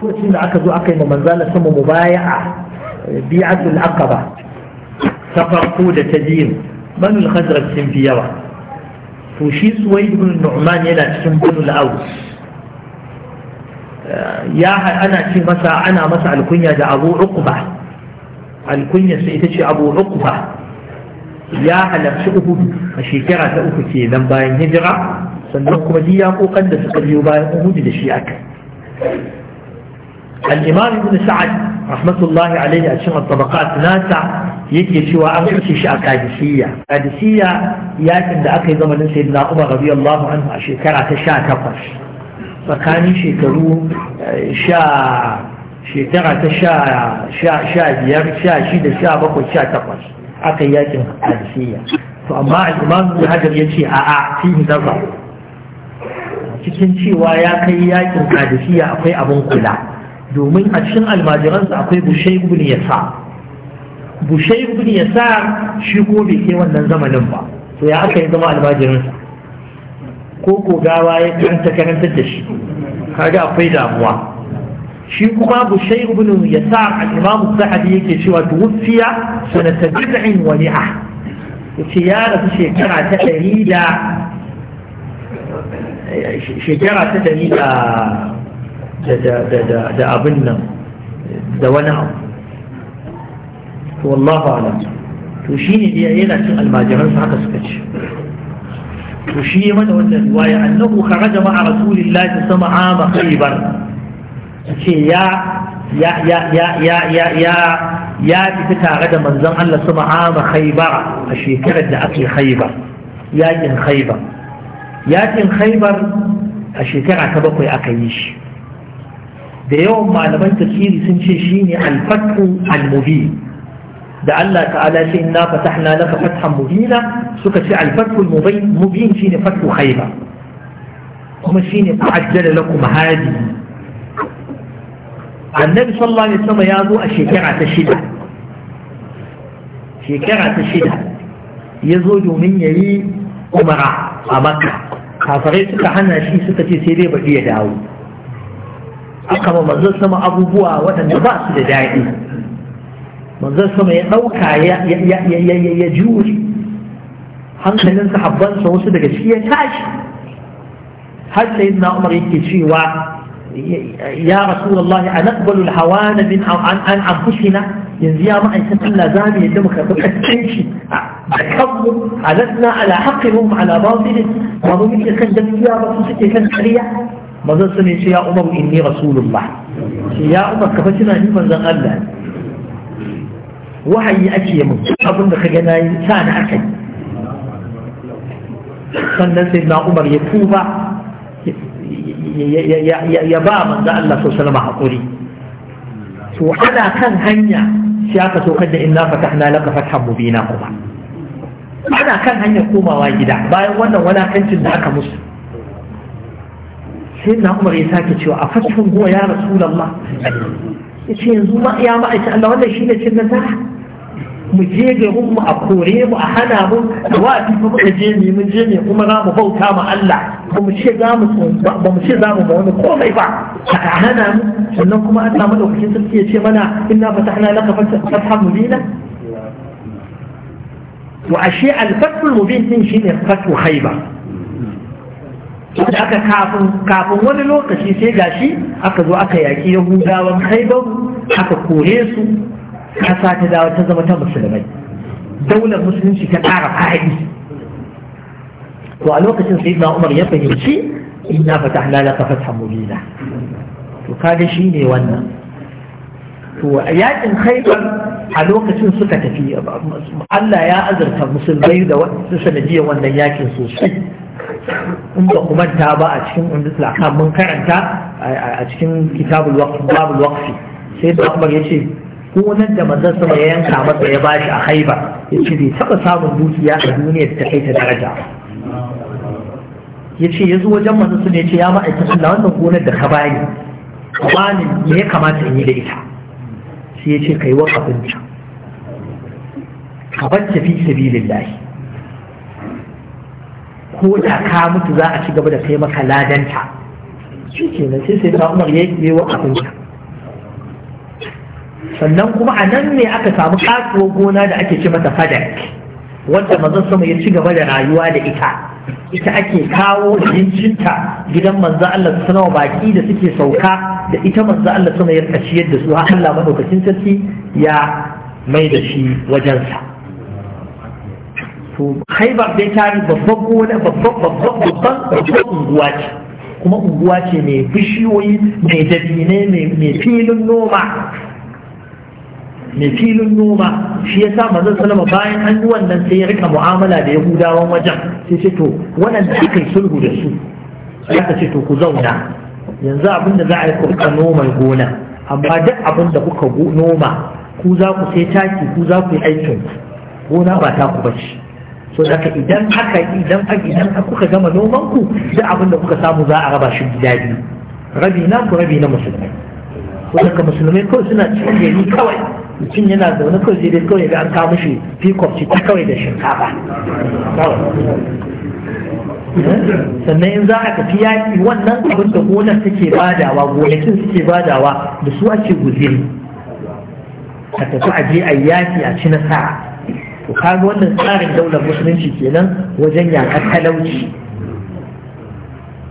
كل سن عك ذو عك ما من زال سما مبايع بيعة العقبة تفرقود تدين بني الخلق سن في يوا to shi suwaid ibn nu'man yana cikin banu al-aus eh, ya ana ce masa ana masa alkunya da abu uqba alkunya sai ita ce abu uqba ya halarci uku, a shekara ta uku kenan bayan hijira sannan kuma diya kokan da suka biyo bayan uhudu da shi aka الإمام ابن سعد رحمة الله عليه أشهر الطبقات ناسع yake cewa an kashe shi a kadisiya kadisiya yakin da aka yi zamanin sai na umar rabi allahu anhu shekara ta sha takwas tsakanin shekara ta sha biyar sha shida sha bakwai sha takwas aka yi yakin kadisiya to amma al'imam da hajar ce a'a fi cikin cewa ya kai yakin kadisiya akwai abin kula domin a cikin almajiransa akwai bushe ibn yasa bushe ibn yasa shi ko bai kai wannan zamanin ba to ya aka yi zama almajiransa ko ko gawa ya karanta karantar da shi kaga akwai damuwa shi kuma bushe ibn yasa al-imam sa'adi yake cewa tuwfiya sanata bid'in wa ni'a yace ya rasu shekara ta ɗari da shekara ta ɗari da ده أبنى ده ونعم والله أعلم توشيني دي أيلا تقل ما جهاز حقا سكتش توشيني من هو الدواية أنه خرج مع رسول الله تسمى عام قريبا كي يا يا يا يا يا يا يا يا تفتا غدا من زن الله سمع عام خيبا أشي كرد أكي خيبا يا جن خيبا يا جن خيبا أشي كرد أكبقي أكيش da yawan malaman tafsiri sun ce shi ne alfatu almubi da Allah ta'ala shi inna fatahna laka fathan mubina suka ce al-fathu al-mubin shine fathu khayba kuma shine ta'ajjala lakum hadi annabi sallallahu alaihi wasallam ya zo a shekara ta shida shekara ta shida ya zo domin ya yi umara a makka kafarai suka hana shi suka ce sai dai baɗi ya dawo aka ma manzon sama abubuwa waɗanda ba su da daɗi manzon sama ya ɗauka ya jure hankalin sahabbansa wasu daga ciki ya tashi har sai na umar yake cewa ya rasulullah a naqbalu alhawana min an an anfusina yanzu ya ma'aikatan Allah za mu yadda muka bukatar shi a
kanmu alasna
ala haqqihum ala batilin ba mu muke kan gaskiya ba su suke kan ƙarya manzon su ne ce ya umar inni rasulullah ya umar ka fatina ni manzon Allah wahayi ake mu abinda ka ga nayi sa na akai sannan sai na umar ya tuba ya ba manzon Allah sallallahu alaihi hakuri to ana kan hanya shi aka so kada inna fatahna laka fathan mubina kuma ana kan hanyar komawa gida bayan wannan wani kancin da aka musu sai na umar ya sake cewa a fashin huwa ya rasulallah ya ce yanzu ma ya ma'aikata Allah wannan shi ne cin za mu je garin mu a kore mu a hana mu da wa fi muka je ne mun je ne kuma za mu bauta ma Allah ba mu ce za mu ba mu ce za mu wani komai ba a hana mu sannan kuma an samu madaukakin sarki ya ce mana inna fatahna laka fathan mubina wa ashe al-fathul mubin din shine fathu khaybar da aka kafin kafin wani lokaci sai gashi aka zo aka yaƙi yahudawan haibar aka kore su ƙasa ta dawo ta zama ta musulmai daular musulunci ta ƙara fahimi to a lokacin sai na umar ya fahimci inna fatahna laka fathan mubina to kaga ne wannan to yakin khaybar a lokacin suka tafi Allah ya azurta musulmai da sanadiyar wannan yakin sosai in ba ku manta ba a cikin inda lakan mun karanta a cikin kitabul waqf babul waqfi sai da kuma yace nan da manzon sama ya yanka masa ya ba shi a haiba yace bai taba samun dukiya a duniya ta kai ta daraja yace yanzu wajen manzon sama yace ya ma'aikata Allah wannan gonar da ka bani bani me ya kamata in yi da ita sai yace kai wa abinci ka bacce fi sabilillahi ko da ka mutu za a ci gaba da kai maka ladanta shi ke nan sai sai na umar ya yi wa abinka sannan kuma a nan ne aka samu kasuwar gona da ake ce mata fadak wanda manzon sama ya ci gaba da rayuwa da ita ita ake kawo abincinta gidan manzo Allah su nawa baki da suke sauka da ita manzo Allah sama ya ciyar da su har Allah madaukakin sarki ya mai da shi wajensa to haibar dai ta yi babban gona babban babban babban unguwa ce kuma unguwa ce mai bishiyoyi mai dabine mai filin noma mai filin noma shi ya sa manzon salama bayan an yi wannan sai ya rika mu'amala da yahudawan wajen sai ce to da aka yi sulhu da su ka ce to ku zauna yanzu abin da za a yi kuka noma gona amma duk abin da kuka noma ku za ku sai taki ku za ku yi aikin gona ba ta ku bace so daga idan haka idan idan kuka gama noman ku duk abin da kuka samu za a raba shi gida biyu rabi na ku rabi na musulmai ko daga musulmai kawai suna cikin gari kawai mutum yana zaune kawai sai dai kawai ga an kawo mishi peacock ci ta kawai da shinkafa
sannan
in za a tafi yaƙi wannan abin da gonar take badawa gonakin suke badawa da su ake guziri a tafi a je a yaƙi a ci nasara to kaga wannan tsarin daular musulunci kenan wajen yakar talauci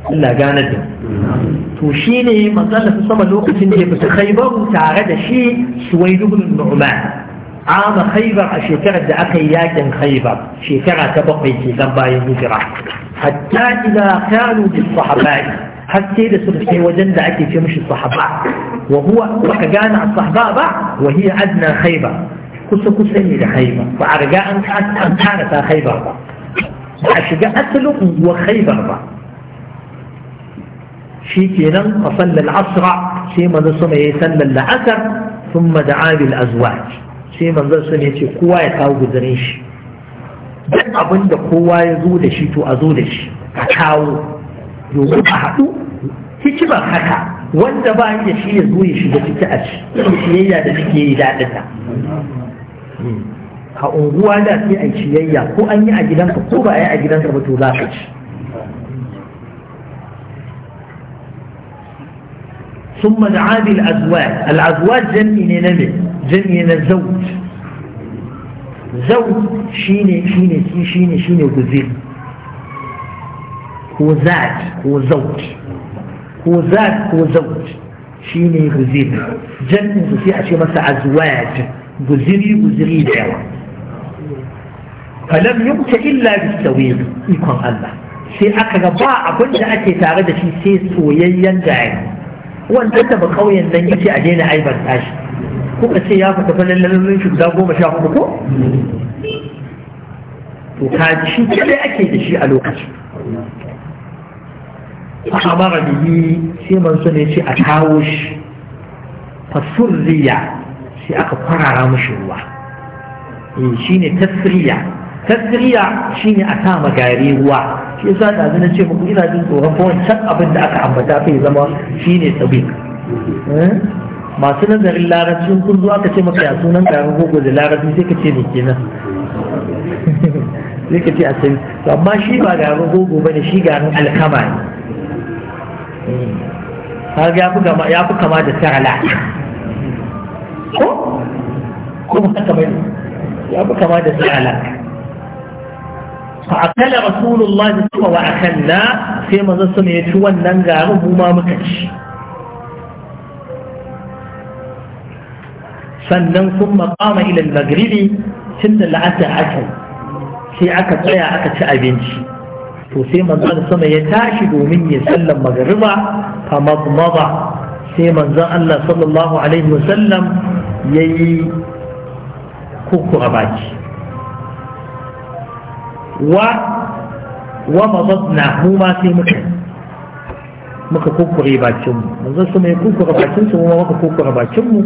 Allah gane da to shi ne matsalar su sama lokacin da ya fita khaibar tare da shi suwai dubin nu'man عام خيبر الشكرة دا أخي ياكن خيبر شكرة تبقي في ذنباي هجرة حتى إذا كانوا بالصحباء حتى إذا سلسي وجن دا أكي في مش الصحباء وهو وكان الصحباء بع وهي أدنى خيبر kusa kusa ne da haiba ba a riga an an tara ta haibar ba ba a shiga asalin unguwar haibar ba shi kenan a sallar asra sai manzo sama yayi sallar la'asar thumma da'a bil azwaj sai manzo sama yace kowa ya kawo guzarin shi duk abin da kowa ya zo da shi to a zo da shi a kawo domin a haɗu hikimar haka wanda ba ya shi ya zo ya shiga ciki a ci biyayya da ya yi daɗin nan a unguwa da sai a ciyayya ko an yi a gidanka ko ba a yi a gidanka ba to za ka ci ثم دعا بالأزواج الأزواج جمعي نمي جمعي نزوج زوج شيني شيني شيني شيني وزير هو زاد هو زوج هو زاد هو زوج شيني وزير جمعي في أشياء مثل أزواج guziri guziri da yawa falam yumta illa bisawiq ikon Allah sai aka ga ba abin da ake tare da shi sai soyayyen gaya wanda ta ba kauyen nan yace a daina aibar tashi kuka ce ya fita falon lalolin shi guda goma sha hudu ko to ka shi kadai ake da shi a lokaci aka mara bihi sai manzo ne ce a kawo shi fasurriya sai aka farara mashi ruwa eh, shi ne tasiriya tasiriya shi ne a sa magari ruwa shi yasa da na ce muku ina jin tsoron fa wancan abin da aka ambata fa ya zama shi ne tsabi eh? masu nazarin larabci in kun zo aka ce maka ya sunan garin gogo da larabci sai ka ce ne kenan [laughs] sai ka ce a sai amma shi ba garin gogo ba ne shi garin alkama ne har eh. ya fi kama da sarala kuma haka bane ya fi kama da sa'ala fa'akala rasulullah da suka wa akanna sai manzo sama ya ci wannan garin mu ma muka ci sannan kun maƙama ilal magribi tun da la'asar aka sai aka tsaya aka ci abinci to sai manzon sama ya tashi domin ya sallan magariba kamar maza sai manzon Allah sallallahu alaihi wasallam yayi kukkura baki wa wa mazadna mu ma sai muka muka kukkure bakinmu manzo su mai kukkure bakinsu mu muka kukkure bakinmu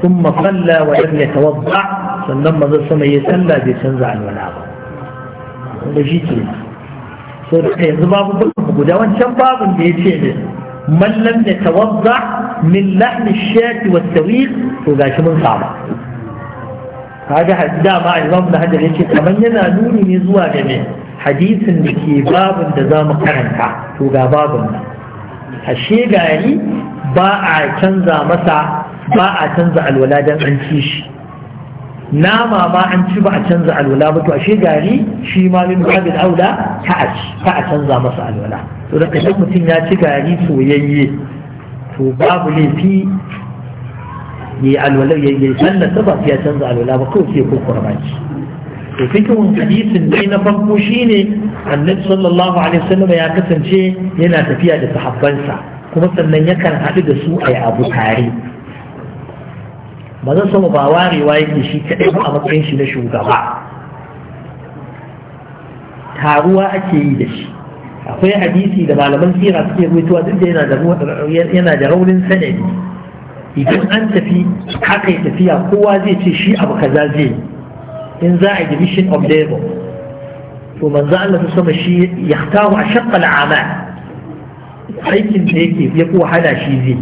sun masalla wa ya yatawadda sannan manzo su mai salla bai canza alwala ba kuma shi ke so da yanzu babu guda wancan babun da ya ce ne mallam lam yatawadda min lahni shati wa tawiq to gashi mun saba kaga dama imam da hajar yake kamar yana nuni ne zuwa ga me hadisin da ke babin da za mu karanta to ga babin nan ba a canza masa ba a canza alwala dan an ci shi nama ma an ci ba a canza alwala ba to a gari shi ma min babil aula ta a canza masa alwala to da mutum ya ci gari soyayye to babu laifi yi alwala ya yi sallar ta ba ya canza alwala ba kawai sai kurkura baki to fikin hadisin dai na farko shine annabi sallallahu alaihi wasallam ya kasance yana tafiya da sahabbansa kuma sannan yakan haɗu da su a abu tare ba zan sama ba warewa yake shi kaɗai ba a matsayin shi na shugaba taruwa ake yi da shi akwai hadisi da malaman sira suke rubutuwa duk da yana da raunin sanadi idan an tafi haka ya tafiya kowa zai ce shi abu kaza zai in za a division of labor to manzo Allah su sama shi ya tawo a shakkal amal aikin da yake ya kuwa hana shi zai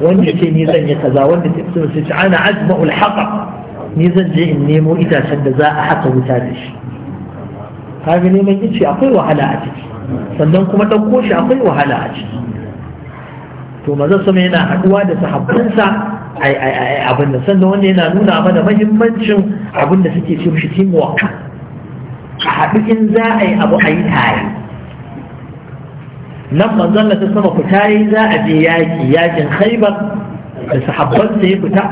wanda ce ni zan yi kaza wanda ce sun ce ana azma'ul ulhaka ni zan je in nemo itacen da za a haka wuta da shi kaga neman ice akwai wahala a ciki sannan kuma ɗauko shi akwai wahala a ciki to maza sama yana haɗuwa da sahabbansa abin da wanda yana nuna mana mahimmancin abinda da suke ce shi teamwork a haɗu in za a yi abu a yi tare nan manzon da ta sama fita yi za a je yaƙi yaƙin haibar da sahabbansa ya fita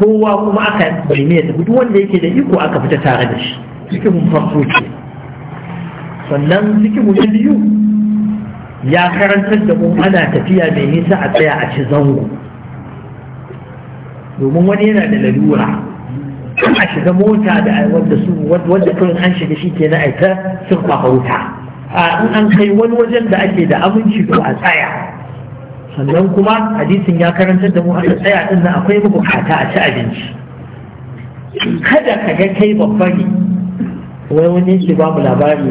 kowa kuma aka bai ne tafi duk wanda yake da iko aka fita tare da shi cikin farko ce sannan cikin biyu ya karantar da mu ana tafiya mai nisa a tsaya a ci zango domin wani yana da lalura kan a shiga mota da wanda su wanda kawai an shiga shi ke na ta sun wuta a in an kai wani wajen da ake da aminci to a tsaya sannan kuma hadisin ya karantar da mu aka tsaya din nan akwai mabukata a ci abinci kada ka ga kai babba ne wai wani yake ba mu labari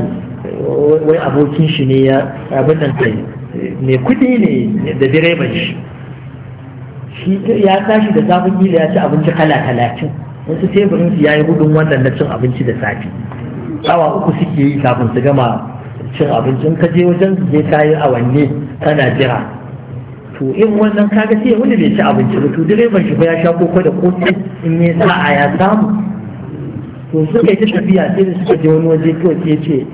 wai abokin shi ne ya abin nan kai mai kudi ne da direban shi shi ya tashi da safin gila ya ci abinci kala talatin wasu teburin su ya yi hudun wannan na cin abinci da safi awa uku suke yi kafin su gama cin abincin ka je wajen su je a awanni kana jira to in wannan kaga sai wani bai ci abinci ba to direban shi ba ya sha koko da kofi in ya sa'a ya samu to suka yi ta tafiya sai da suka je wani waje kawai sai ce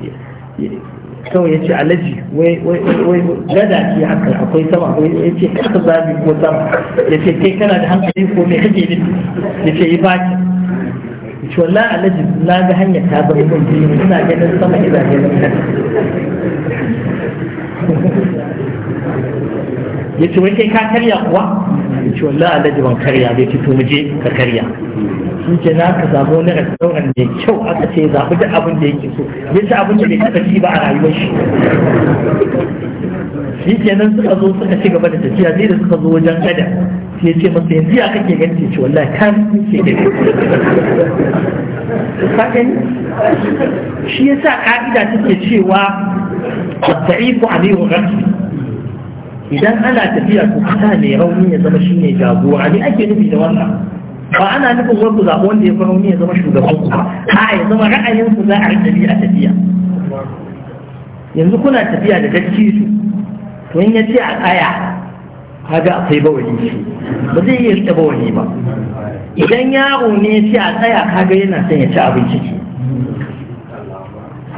kawai ya ce alaji wai gada ce haka akwai sama ya ce kasa zabi ko sama ya ce kai kana da hankali ko mai kake nufi ya ce yi baki ya ce wallah alaji na ga hanyar ta zama mun ji ina ganin sama ina ganin kasa ya ce wai kai ka karya kuwa ce wallahi alhaji ban karya bai fito mu je ka karya shi ke na ka samu wani restaurant mai kyau aka ce mu duk abin da yake so bai ci abin da bai taɓa ci ba a rayuwar shi shi nan suka zo suka ci gaba da tafiya sai da suka zo wajen kada sai ce masa yanzu ya kake gani ce wallahi kan ke gani sakan shi yasa ka'ida take cewa ta'ifu amiru غفل idan ana tafiya ku kasa mai rauni ya zama shine jagora ne ake nufi da wannan ba ana nufin wanda zaɓi wanda ya fi rauni ya zama shugaban ku ba a ya zama ra'ayin ku za a rikabi a tafiya yanzu kuna tafiya da su to in ya ce a tsaya kaga akwai bawali shi ba zai iya rike bawali ba idan yaro ne ya ce a tsaya kaga yana son ya ci abinci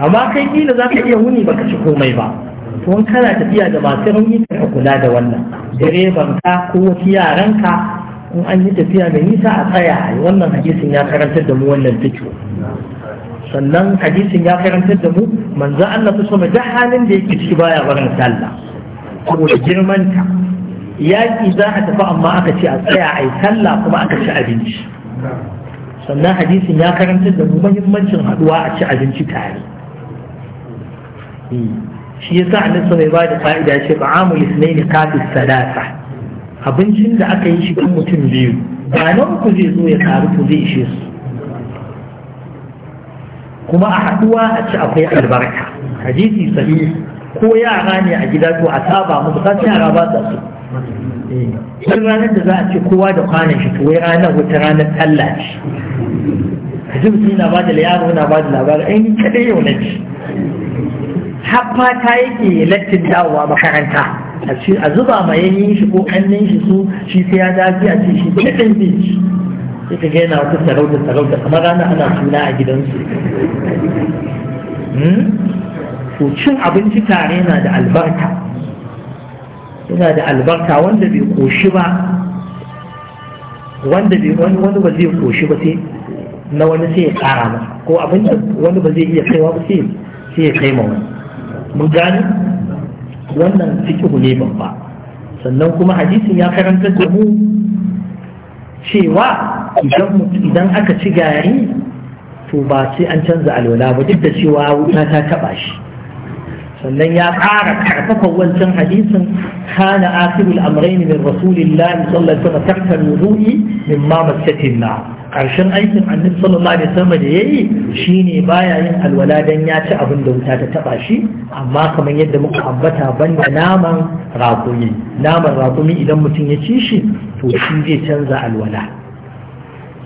amma kai kila za ka iya wuni baka ci komai ba tun kana tafiya da masu rauni ka kula da wannan direban ka ko wasu yaran ka in an yi tafiya mai nisa a tsaya a wannan hadisin ya karantar da mu wannan fito sannan hadisin ya karantar da mu manzo Allah ta sama da halin da yake ciki baya barin sallah saboda girman ta yaki za a tafi amma aka ce a tsaya a yi sallah kuma aka ci abinci sannan hadisin ya karantar da mu muhimmancin haduwa a ci abinci tare hmm. shi ya yasa annabi mai ba da fa'ida ce ta'amul ithnain kafis salasa abincin da aka yi shi kan mutum biyu ba na uku zai zo ya karu ku zai ishe su kuma a haduwa a ci akwai albarka hadisi sahihi ko yara ne a gida to a saba musu kan yara ba su su eh, duk ranar da za a ce kowa da kwanan shi to wai ranar wata ranar Allah ce a ji mutum yana ba da yaro yana ba da labarin ainihin kadai yau na ci har fata yake lattin dawowa makaranta a zuba ma yayin shi ko kannin shi su shi sai ya dafi a ce shi kiɗin beach sai ka ga yana wata sarauta sarauta kamar rana ana suna a gidansu hmm? to cin abinci tare yana da albarka yana da albarka wanda bai koshi ba wanda bai wani ba zai koshi ba sai na wani sai ya kara masa ko abinda wani ba zai iya kaiwa ba sai ya kai ma wani mu gani wannan fikihu ne babba sannan kuma hadisin ya karanta da mu cewa idan aka ci gari to ba sai an canza alwala ba duk da cewa wuta ta taba shi sannan ya ƙara karfafa wancan hadisin kana akhirul amrayn min rasulillahi sallallahu alaihi wasallam tarkal wudu'i mimma massatin Karshen aikin annabi sallallahu alaihi wasallam da yayi shine baya yin alwala dan ya ci abin da wuta ta taba shi amma kamar yadda muka ambata banda naman rakumi naman rakumi idan mutum ya ci shi to shi zai canza alwala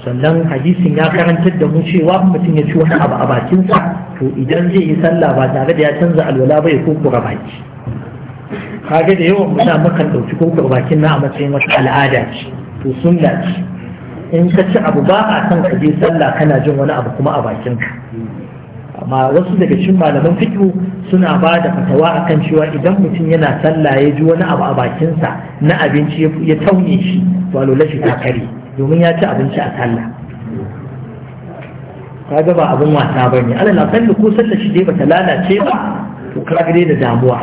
sannan hadisin ya karantar da mu cewa mutum ya ci wani abu a bakinsa to idan zai yi sallah ba tare da ya canza alwala ba ya kokura baki kaga da yawan mutane kan dauki kokura bakin na a matsayin wata al'ada ce to sunna ce in ka ci abu ba a san ka je sallah kana jin wani abu kuma a bakinka amma wasu daga cikin malaman fiqh suna ba da fatawa akan cewa idan mutum yana sallah ya ji wani abu a bakinsa na abinci ya taune shi to shi ta kare domin ya ci abinci a sallah kaga ba abin wasa bane alal akalli ko sallah shi dai bata lalace ba to kaga dai da damuwa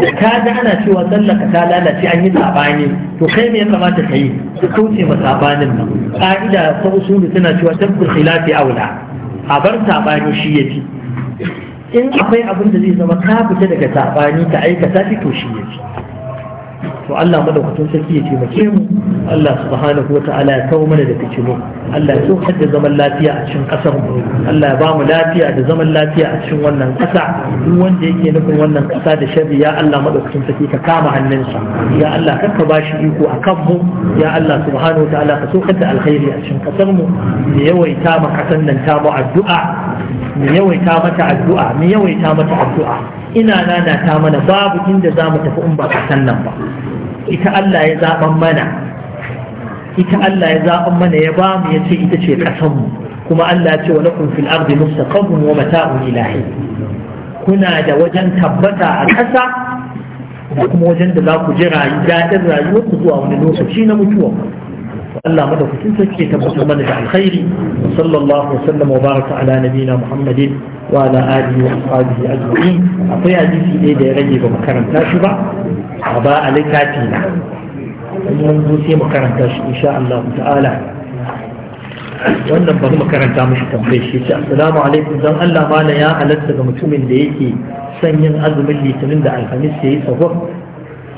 da ka ji ana cewa sallaka ta lalace an yi sabani to kai me ya kamata ka yi ka kauce ma sabanin nan ka'ida ta usulu tana cewa tabbul khilafi aula a bar sabani shi yafi in akwai abin da zai zama ka fita daga sabani ka aikata shi to shi to Allah madaukakin sarki ya taimake mu Allah subhanahu wa ta'ala ya kawo mana da fitino Allah ya so da zaman lafiya a cikin kasar mu Allah ya ba mu lafiya da zaman lafiya a cikin wannan kasa duk wanda yake nufin wannan kasa da sharri ya Allah madaukakin sarki ka kama hannunsa ya Allah ka ba shi iko a kan mu ya Allah subhanahu wa ta'ala ka so da alkhairi a cikin kasar mu ya yawaita ma kasan nan ta mu addu'a mu yawaita mata addu'a mu yawaita mata addu'a ina nana ta mana babu inda za mu tafi in ba kasan nan ba ita Allah ya zaɓan mana ita Allah ya zaɓan mana ya ba mu ya ce ita ce ƙasanmu kuma Allah ya ce wa lakum fil ardi mustaqarrun wa mata'un ilahi kuna da wajen tabbata a ƙasa da kuma wajen da za ku ji rayu daɗin rayuwar ku zuwa wani lokaci na mutuwa Allah madaukakin sarki ya tabbatar mana da alkhairi sallallahu alaihi wasallam wa baraka ala Muhammadin wa ala alihi wa ashabihi ajma'in akwai hadisi ɗaya da ya rage ba makaranta shi ba a ba a littafi na yanzu sai mu karanta shi insha Allah ta'ala wannan bari mu karanta mishi tambayar shi ce assalamu alaikum dan Allah na ya halatta ga mutumin da yake son yin azumin litinin da alhamis ya yi sahur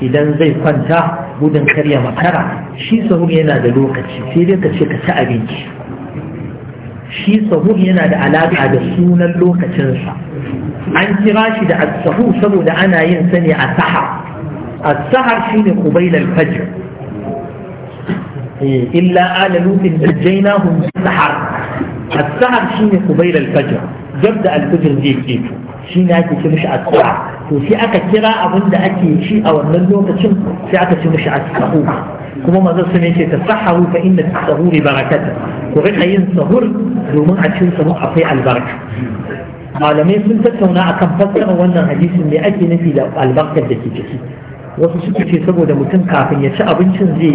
idan zai kwanta gudun karya makara shi sahur yana da lokaci sai dai ka ce ka ci abinci shi sahur yana da alaƙa da sunan lokacinsa an kira shi da as saboda ana yin sani a saha as-sahar shine qubayl al-fajr illa ala lutin najjaynahum sahar as-sahar shine qubayl al-fajr jabda al zai keto shi ne ake ce mishi as-sahar to sai aka kira abin da ake ci a wannan lokacin sai aka ce mishi a sahur kuma manzo sun yake tasaharu fa inna as-sahur barakatun ku yin sahur domin a albarka malamai sun tattauna akan fassarar wannan hadisin me ake nufi da albarkar da ke ciki wasu suka ce saboda mutum kafin ya ci abincin zai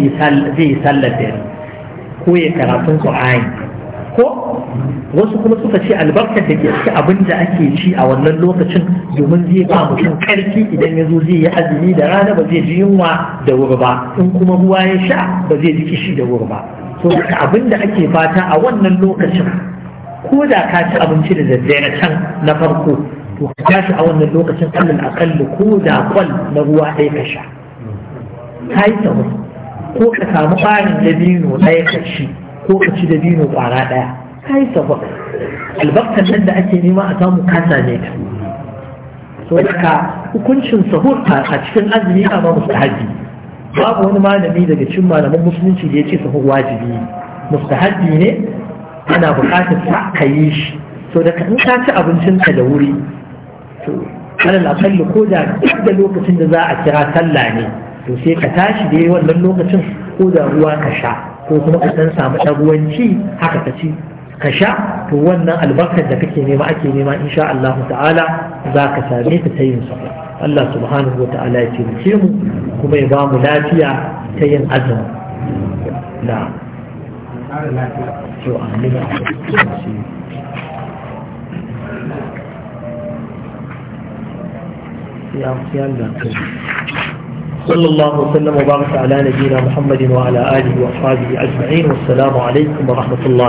yi sallar ko ya karatun ƙwa'ani ko wasu kuma suka ce albarka da ke ci abin da ake ci a wannan lokacin domin zai ba mutum karfi idan ya zo zai yi azumi da rana ba zai ji yunwa da wuri ba in kuma ruwa ya sha ba zai ji kishi da wuri ba so abin da ake fata a wannan lokacin ko da ka ci abinci da daddare can na farko to ka tashi a wannan lokacin allal akalli ko da kwal na ruwa ɗaya ka sha ka yi sauri ko ka samu ɓarin dabino ɗaya ka ci ko ka ci dabino ƙwara ɗaya ka yi sauri albarkar nan da ake nema a samu kasa ne ta so daga hukuncin sahur a cikin azumi a ma mustahabi babu wani malami daga cikin malaman musulunci da ya ce sahur wajibi mustahabi ne ana buƙatar sa ka yi shi so daga in ka ci abincin ka da wuri to alal akalli ko da da lokacin da za a kira sallah ne to sai ka tashi da wannan lokacin ko da ruwa ka sha ko kuma ka san samu ɗan ruwan ci haka ka ci ka sha to wannan albarkar da kake nema ake nema insha Allah ta'ala za ka same ta ta yin Allah subhanahu wa ta'ala ya taimake mu kuma ya ba mu lafiya ta yin azumi na'am to amin يا يا صلى الله وسلم وبارك على نبينا محمد وعلى آله وأصحابه أجمعين والسلام عليكم ورحمة الله